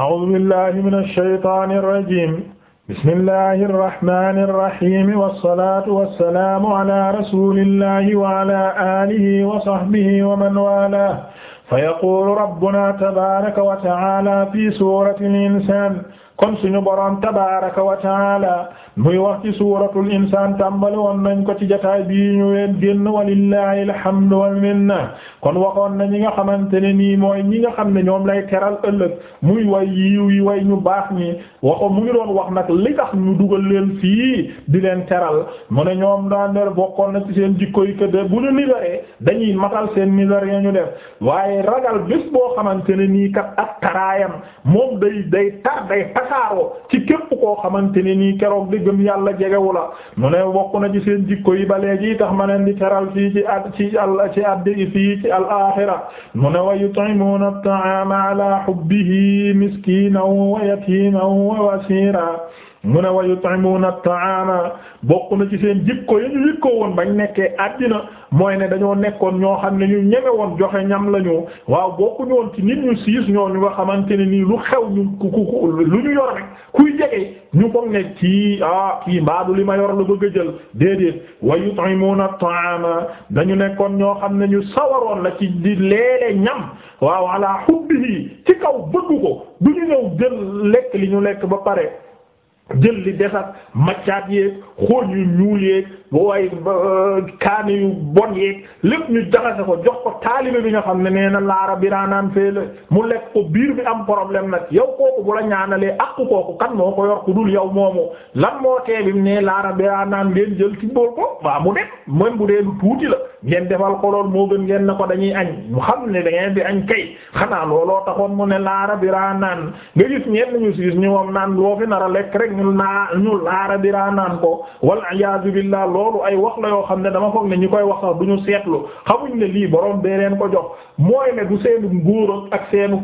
a'uuzu billaahi mina shaytaani rajiim bismillaahi rahmaani rahiim wassalaatu wassalaamu alaa rasuulillaahi wa alaa aalihi wa sahbihi wa man waalaahu fa yaquulu rabbunaa tabaaraka wa ta'aalaa fii suuratil insaan kon suñu boroom tabaaraka wa taala muy wax ci suuratul insaan tàmbali woon nañ ko ci jotaay bii ñu ween génn walillahi alhamdu wal minna kon waxoon na ñi nga xamante ne nii mooy ñi nga xam ne ñoom lay teral ëllëg muy way yiw yi way ñu baax ñi waxo mu ngi doon wax nag li tax ñu dugal leen fii di leen teral mu ne ñoom daan der bokkoon na ci seen jikko yi que bu ñu miséré dañuy matal seen misère ya ñu def waaye ragal bés boo xamante ne nii kat ak taraayam moom day day tasaaroo ci képp koo xamante ne nii keroog di gëm yàlla jegewu la mu ne bokk na ci seen jikko yi ba léegi tax ma leen di teral fii ci at ci al ci addi fii ci al axira mu ne wa yut'imuna at-ta'ama ala hubbihi miskinan wa yatiman wa asira mu ne wa yut'imuna at-ta'ama bokk na ci seen jikko ya ñu jikkoo woon bañ nekkee àddina mooy ne dañoo nekkoon ñoo xam ne ñu ñeme woon joxe ñam lañu waaw bokkuñu woon ci nit ñu siis ñoo ñu nga xamante ne nii lu xew ñu ku ku lu ñu yor rek kuy jege ñu foog ne ci ah kii mbaadu li ma yor la bëgg a jël déedéet wa yut'imuna at-ta'ama dañu nekkoon ñoo xam ne ñu sawaroon la ci di leele ñam waaw ala hubbihi ci kaw bëgg ko du ñu ñëw jël lekk li ñu lekk ba pare jël li desat maccaat yeeg xóoñ yu ñuul yeeg way kaani yu bon yeeg lépp ñu jaxase ko jox ko taalibe bi nga xam ne nee na laara biraanaan la mu lekk ko biir bi am problème nag yow kooku bu la ñaanalee ak kooku kan moo ko yor ku dul yow moomu lan moo tee bi ne laara ngeen jël ci bool ko waa mu dem même bu dee lu tuuti la ngeen defal ko lool moo gën ngeen na ko dañuy añ mu xam ne da ngeen di añ kay xanaa looloo taxoon mu ne laara biraanaan nga gis ñenn ñu siis ñu moom naan loo fi nar lekk rek ñu naa ñu laara biraanaan loolu ay wax la yoo xam ne dama foog ne ñi koy wax sax du ñu seetlu xamuñ ne lii boroom bee leen ko jox mooy ne du seenu ngóor ak seenu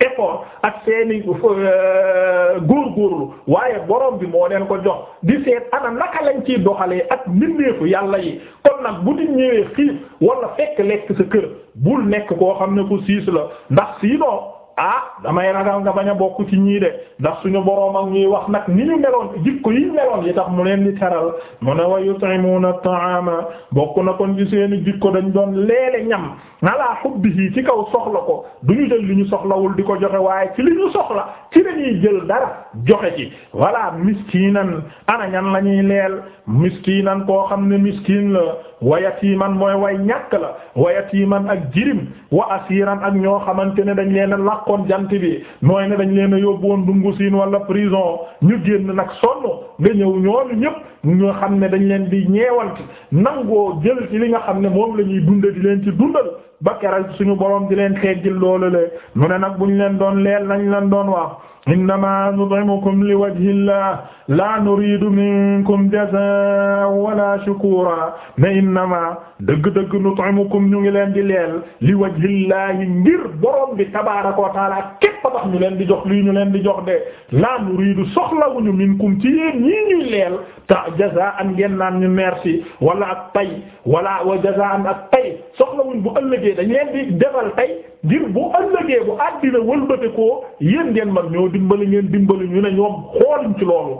effort ak seeni euh, góorgóorlu waaye borom bi moo leen ko jox di seet ana naka lañ ciy doxalee ak mbindeefu yàlla yi kon nag bu di ñëwee xiif wala fekk lekk sa kër bul nekk koo xam ne ku siis la ndax siinoo ah damay ragal nga bañ a bokk ci ñii de ndax suñu boroom ak ñuy wax nag ni ñu meloon jikko yi meloon yi tax mu leen di teral mu ne wa yut'imuna at-ta'ama bokk na kon ci seeni jikko dañ doon leele ñam ala hubbihi ci kaw soxla ko duñu jël li ñu soxlawul di ko joxe waaye ci li ñu soxla ci lañuy jël dara joxe ci walla miskinan ana ñan la ñuy leel miskinan koo xam ne miskin la wa yatiman mooy way ñàkk la wa yatiman ak jirim wa asiran ak ñoo xamante ne dañ leen a làqoon jant bi mooy ne dañ leen a yóbbuwoon dungu siin wala prison ñu génn nag sonn nga ñëw ñoolu ñépp ñoo xam ne dañ leen di ñeewanti nangoo jël ci li nga xam ne moom la ñuy dunda di leen ci dundal ba keral suñu borom di leen teggil loolu le mu ne nag leen doon leel nañ leen doon wax innama nut'imukum liwajhi llah la nuridu minkum jazaa wala shukura ne innama dëgg-dëgg nut'imukum ñu ngi leen di leel liwajhi llahi ngir borom bi tabaaraka wa taala képp tax ñu leen di jox lii ñu leen di jox de laa nuriidu soxlawuñu minkum ci yéen ñii ñuy leel ta jazaan ngeen naan ñu merci wala ak pay wala wa jazaan ak pay soxlawuñ bu ëllëgee dañ leen di defal tey ngir bu ëllëgee bu àddina wëlbate ko yéen ngeen man ñoo dimbali ngeen dimbali ñu ne ñoom xooluñ ci loolu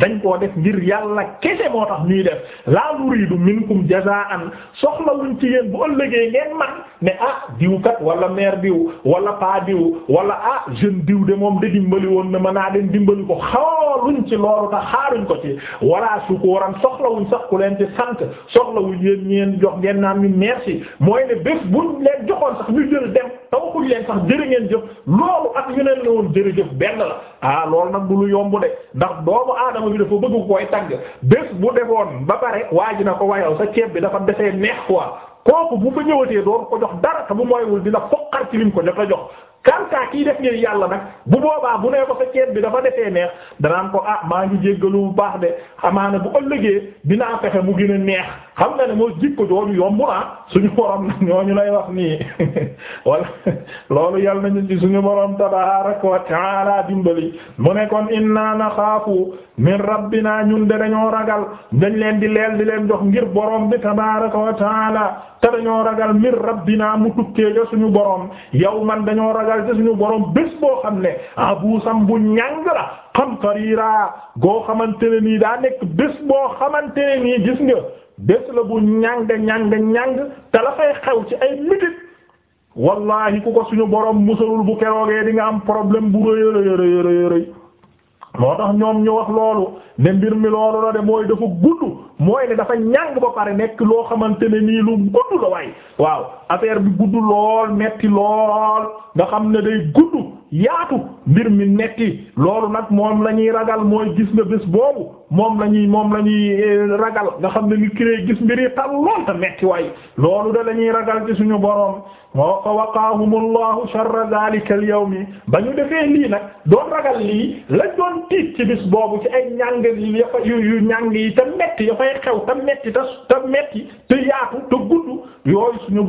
dañ koo def ngir yàlla kese moo tax ñuy def laa nuriidu minkum jazaan soxlawuñ ci yéen bu ëllëgee ngeen man ne ah diw kat wala maire diw wala paa diw wala ah jeune diw de moom de dimbali woon na ma naa den dimbali ko xaaluñ ci loolu tax xaaruñ ko ci wala sukuuran soxlawuñ sax ku leen ci sant soxla soxlawuñ yéen ñeen jox ngeen naan ñu merci mooy ne bés bu leen joxoon sax ñu jël dem. te waxuñ leen sax jërë ngeen jëf loolu ak ñu ne woon jërëjëf benn la ah loolu nag du lu yomb de ndax doomu aadama bi dafa bëgg koy tagg bés bu defoon ba pare waa ji na ko wayaw sa ceeb bi dafa desee neex quoi kooku bu fa ñëwatee doon ko jox dara te bu mooywul dina foqar ci lim ko jot a jox kanta kii def ngir yàlla nag bu boobaa bu nee ko sa ceeb bi dafa defee neex danaan ko ah maa ngi jéggalu bu baax de amaana bu ëllëgee dinaa pexe mu gën neex xam nga ne moo jikko jooju yomb na suñu borom ñooñu lay wax nii wala loolu yàlla nañu ci suñu borom tabaaraka wa ta'aala dimbali mu ne kon inna naxaafu min rabbina ñun de dañoo ragal dañ leen di leel di leen jox ngir borom bi tabaaraka wa ta'aala te dañoo ragal min rabbina mu tukkee ja suñu alal ca suñu borom bés boo xam ne abusam ah bu ñàng la xam xariira goo xamante ne nii daa nekk bés boo xaman ne nii gis nga bés la bu ñàng ñàng ñàng te la fay xew ci ay mitit wallahi ku ko suñu borom musalul bu keroogee di nga am problème bu rëy rëy rëy rëy moo tax ñoom ñu wax loolu ne mbir mi loolu la de mooy dafa gudd mooy ne dafa ñàng ba pare nekk loo xamante ne nii lu gudd la waaye waaw affaire bi gudd lool metti lool nga xam ne day gudd yaatu mbir mi metti loolu nag moom la ñuy ragal mooy gis nga bés boobu moom la ñuy moom la ñuy eh, ragal nga xam ne ni kirée gis mbir yi tal lool te metti waaye loolu de lañuy ñuy ragal ci suñu boroom moo ko waqaahum allahu sharra dhalika al yawmi ba ñu defee lii nag doon ragal lii lañ doon tiit ci bis boobu ci ay ñàng ya fa yu yu yi te yo ya fay xew te metti te te metti te yaatu te gudd yooyu suñu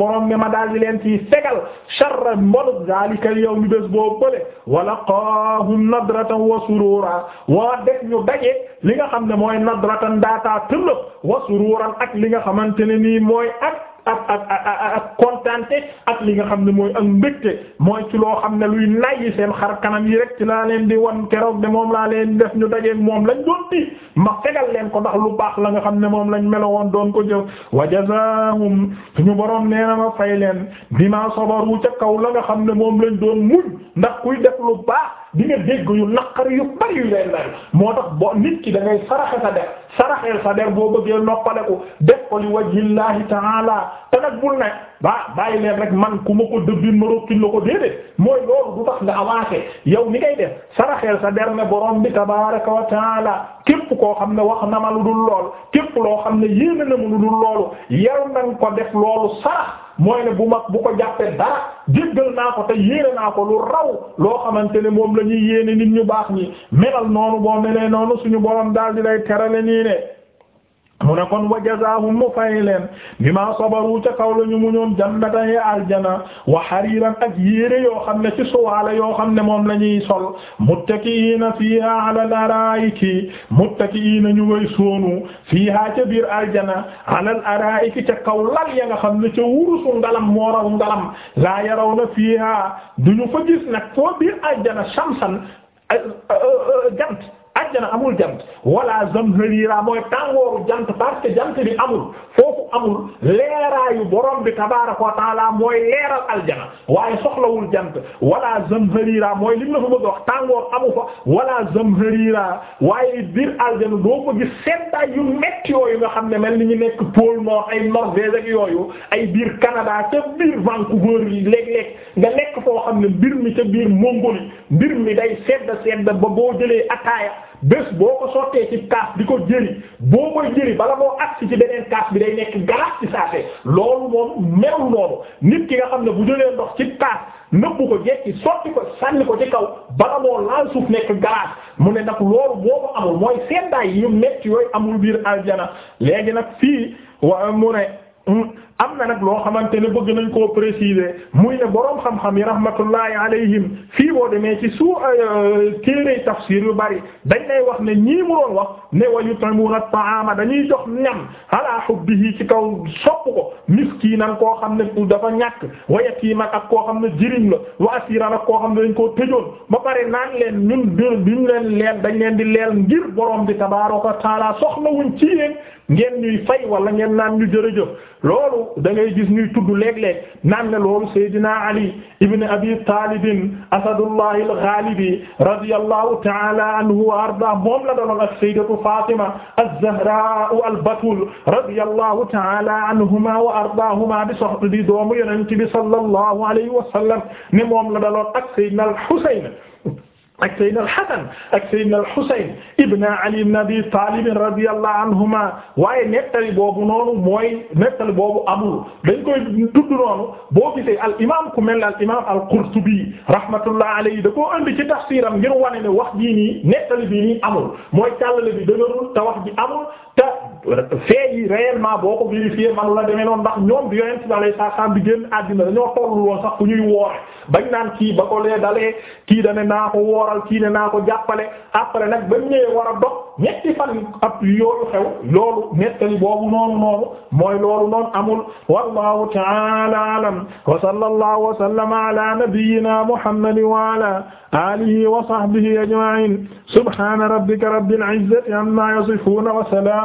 daal leen ci fegal sharra mbolu dhalika al yawmi bés boobu bële wa laqaahum nadratan wa surura waa def ñu daje li nga xam ne mooy nadratan daataa tëllëg wa sururan ak li nga xamante ne nii mooy ak ak ak ak ak kontaante ak li nga xam ne mooy ak mbégte mooy ci loo xam ne luy nayi seen xar kanam yi rek ci laa leen di wan keroog de moom laa leen def ñu dajeeg moom lañ doon ti ma fegal leen ko ndax lu baax la nga xam ne moom lañ melo woon doon ko jëf wa jazaahum suñu boroom nee na ma fay leen bima sabaru ca kaw la nga xam ne moom lañ doon muñ ndax kuy def lu baax di nga dégg yu naqari yu bari yu leen lay moo tax bo nit ki da ngay saraxe sa def saraxeel sa der boo bëggee noppaleku def ko li wajhillahi ta'ala te nag bul ne ba bàyyi leen rek man ku ma ko dëbbin ma rokkin la ko déedéet mooy loolu du tax nga avancé yow ni ngay def saraxeel sa der ne borom bi tabaraka wa ta'ala képp koo xam ne wax na ma lu dul lool képp loo xam ne yéene na ma lu dul loolu yal nañ ko def loolu sarax mooy ne bu mag bu ko jàppee dara jéggal naa ko te yéene naa ko lu raw loo xamante ne moom la ñuy yéene nit ñu baax ñi melal noonu boo melee noonu suñu borom daal di lay terale nii ne mu ne kon wa jazaahum mu fay leen bima sabaru ca kaw la ñu mu ñoon jannatan ya aljana wa hariran ak yére yoo xam ne ci suwaale yoo xam ne moom la ñuy sol muttakiina fiiha ala al-araa'iki muttakiina ñu ngay soonu fiiha ca biir aljana ala al-araa'iki ca kaw lal ya nga xam ne ca wurusu ngalam mooraw ngalam laa yarawna fiiha duñu fa gis nag foo biir aljana shamsan jant ajjana amul jant wala zamharira mooy tàngooru jant parce que jant bi amul foofu amul leeraayu borom bi tabaaraka wa taala mooy leeral aljana waaye soxlawul jant wala zamharira mooy lim la fa bëgg wax tàngoor amu fa wala zamharira waaye biir aljana doo ko gis seddaay yu metti yooyu nga xam ne mel ni ñu nekk pôle nord ay Norvège ak yooyu ay biir Canada ca biir Vancouver yi léeg nga nekk foo xam ne mbir mi ca biir Mongolie mbir mi day sedda sedda ba boo jëlee ataaya bés boo ko sottee ci kaas di ko jëri boo koy jëri bala moo agsi ci beneen kaas bi day nekk galas ci saase loolu moom melul noonu nit ki nga xam ne bu jëlee ndox ci kaas nëbbu ko jekki sotti ko sànni ko ci kaw bala moo laal suuf nekk galas mu ne nag loolu boo ko amul mooy seddaay yu metti yooyu amul biir aljana léegi nag fii wa mu ne hmm, am na nag loo xamante ne bëgg nañ koo préciser muy ne boroom xam-xam yi rahmatullahi alayhim fii boo demee ci suu euh, téere tafsir yu bari dañ lay wax ne ñii mu doon wax ne wa yut'imuna at-ta'ama dañuy jox ñam ala hubbihi ci kaw sopp ko miskinan koo xam ne dafa ñàkk wa yatiman ak koo xam ne jëriñ la wa asiran ak koo xam ne dañ koo tëjoon ba pare naan leen ñun duñ leen leel dañ leen di leel ngir boroom bi tabaaraka wa taala soxlawuñ ci yéen ngeen ñuy fay wala ngeen naan ñu jërëjëf loolu yow da ngay gis ñuy tudd léeg-léeg naan ne loolu Seydina Ali ibn Abi Talib asadullah al-Ghalibi radiyallahu ta'ala anhu wa arda moom la doonoon ak Sayyidatu Fatima az-Zahra al-Batul radiyallahu ta'ala anhuma wa ardaahuma di soxna di doomu Yonent bi sallallahu alayhi wa sallam ne moom la daloon ak Seydina al-Husayn ak Seydina al-Hasan ak Seydina al-Husayn ibn Ali ibn Abi Talib radiyallahu anhuma waaye nettali boobu noonu mooy nettali boobu amul dañ koy dudd noonu boo gisee al imaam ku mel ne al imaam al-Qurtubi rahmatullahi alayhi da koo andi ci tafsiram ngir wane ne wax bii nii nettali bii nii amul mooy tallale bi dëgërul te wax bi amul te euh, fee yi réellement boo ko vérifié la demee noonu ndax ñoom bi yonent bi alayhi salaam bi génn àddina dañoo tollu woon sax ku ñuy woore bañ naan kii ba ko lee dalee kii da ne naa ko wooral ne naa ko jàppale après nag ba ñëwee war a dog ñetti fan ab yoolu xew loolu nettali boobu noonu noonu mooy loolu noonu amul wallahu ta'ala a'lam wa sallallahu wa sallama ala nabiyyina muhammadin wa ala alihi wa sahbihi ajma'in subhana rabbika rabbil izzati amma yasifun wa salam